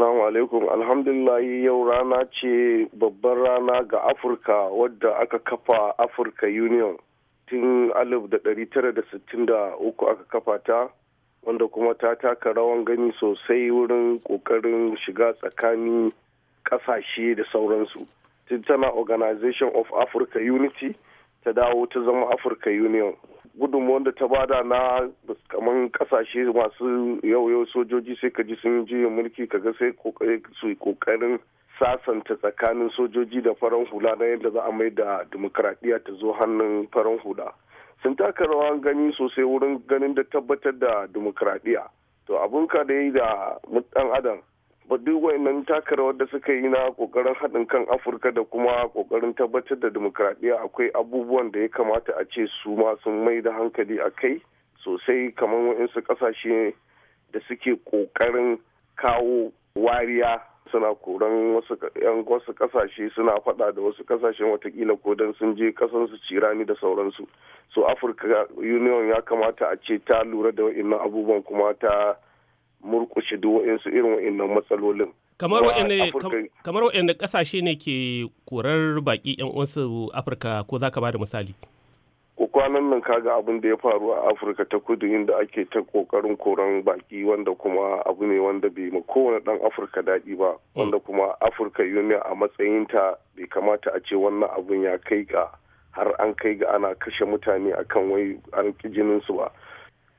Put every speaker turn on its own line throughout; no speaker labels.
Assalamu alaikum alhamdulillah yau rana ce babbar rana ga Afirka wadda aka kafa Afirka Union tun 1963 aka kafa ta wanda kuma ta taka rawan gani sosai wurin kokarin shiga tsakanin kasashe da sauransu. Tun tana Organization of Africa Unity ta dawo ta zama Africa Union. wanda ta bada na kaman kasashe masu yau sojoji sai ka ji sun ji mulki kaga sai su kokarin sasanta tsakanin sojoji da farar hula na yadda za a mai da demokradiyya ta zo hannun farar hula sun taka rawan gani sosai wurin ganin da tabbatar da demokradiyya to abun ka da yi da adam ba duk wayannan takarawar da suka yi na kokarin haɗin kan afirka da kuma kokarin tabbatar da demokradiyya akwai abubuwan da ya kamata a ce su ma sun mai da hankali a kai sosai kamar waɗansu ƙasashe da suke kokarin kawo wariya suna koran wasu yan wasu kasashe suna fada da wasu kasashen watakila ko dan sun je kasansu cirani da sauransu so afirka union ya kamata a ce ta lura da waɗannan abubuwan kuma ta murkushe duk waɗansu irin waɗannan matsalolin.
Kamar waɗanda ƙasashe ne ke korar baƙi 'yan uwansu Afirka ko za ka ba da misali?
Ko kwanan nan kaga abin da ya faru a Afirka ta kudu inda ake ta ƙoƙarin koran baƙi wanda kuma abu ne wanda bai ma kowane ɗan Afirka daɗi ba mm. wanda kuma Afirka Union a matsayinta bai kamata a ce wannan abun ya kai ga har an kai ga ana kashe mutane akan wai an ƙi jininsu ba.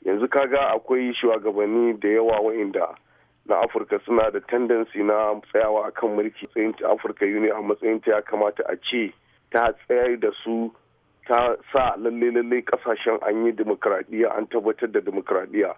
yanzu ka ga akwai shugabanni da yawa wa'inda na afirka suna da tendency na tsayawa akan mulki tsayin afirka union a matsayin ta ya kamata a ce ta tsayar da su ta sa lalle lalle kasashen an yi demokradiyya an tabbatar da demokradiyya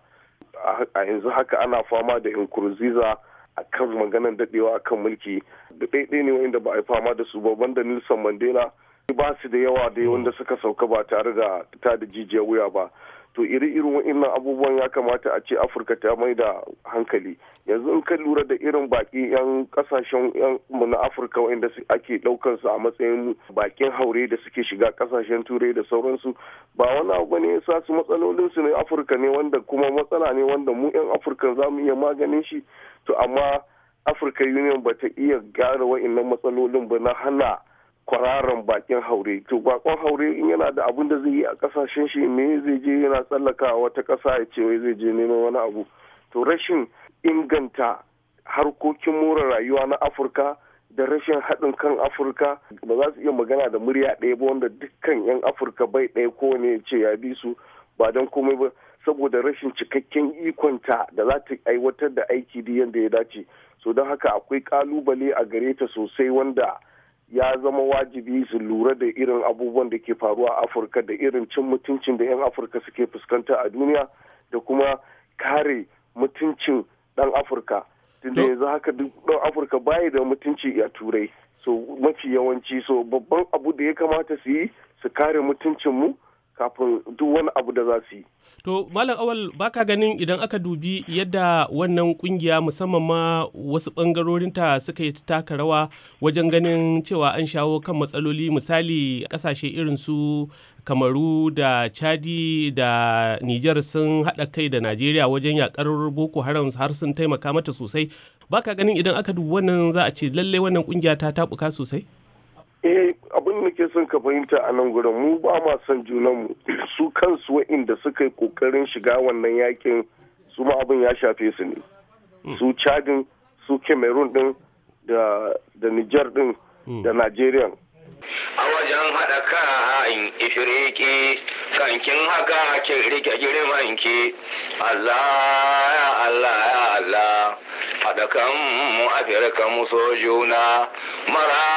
a yanzu haka ana fama da inkurziza a kan maganar dadewa akan mulki da ɗaiɗe ne wa'inda ba a yi fama da su ba banda nelson mandela ba su da yawa dai wanda suka sauka ba tare da ta da jijiyar wuya ba to iri irin wa'annan abubuwan ya kamata a ce afirka ta mai da hankali yanzu in ka lura da irin baki yan kasashen yan mu afirka wa'anda ake daukar su a matsayin bakin haure da suke shiga kasashen turai da sauransu ba wani abu ne sa su matsalolin su ne afirka ne wanda kuma matsala ne wanda mu yan afirka za mu iya maganin shi to amma afirka union ba ta iya gyara wa'annan matsalolin ba na hana kwararan bakin haure to bakon haure in yana da abun da zai yi a kasashen shi me zai je yana tsallaka wata kasa ya ce wai zai je neman wani abu to rashin inganta harkokin more rayuwa na afirka da rashin haɗin kan afirka ba za su iya magana da murya ɗaya ba wanda dukkan 'yan afirka bai ɗaya kowane ya ce ya bi su ba don komai ba saboda rashin cikakken ikonta da za ta aiwatar da aiki da yadda ya dace so don haka akwai kalubale a gare ta sosai wanda ya zama wajibi su lura da irin abubuwan da ke faruwa a afirka da irin cin mutuncin da 'yan afirka suke fuskanta a duniya da kuma kare mutuncin dan afirka tunda yanzu haka duk dan afirka baya da mutunci a turai so mafi yawanci so babban abu da ya kamata su yi su kare mutuncinmu kafin duk wani abu da za su yi.
To Malam Awal baka ganin idan aka dubi yadda wannan kungiya musamman ma wasu ɓangarorinta suka yi taka rawa wajen ganin cewa an shawo kan matsaloli misali kasashe irin su Kamaru da Chadi da Nijar sun haɗa kai da Najeriya wajen yakar Boko Haram har sun taimaka mata sosai. Baka ganin idan aka dubi wannan za a ce lallai wannan kungiya ta tabuka sosai?
Eh, abin muke son ka fahimta a nan gurin mu ba ma son junanmu su kansu wa'inda suka yi kokarin shiga wannan yakin su ma abin ya shafe su ne hmm. su chadin su cameroon din da niger din hmm. da nigerian. a wajen haɗa kan ifiriki kankin haka kin rike ki allah ya allah ya allah haɗa kan mu afirka mu so juna mara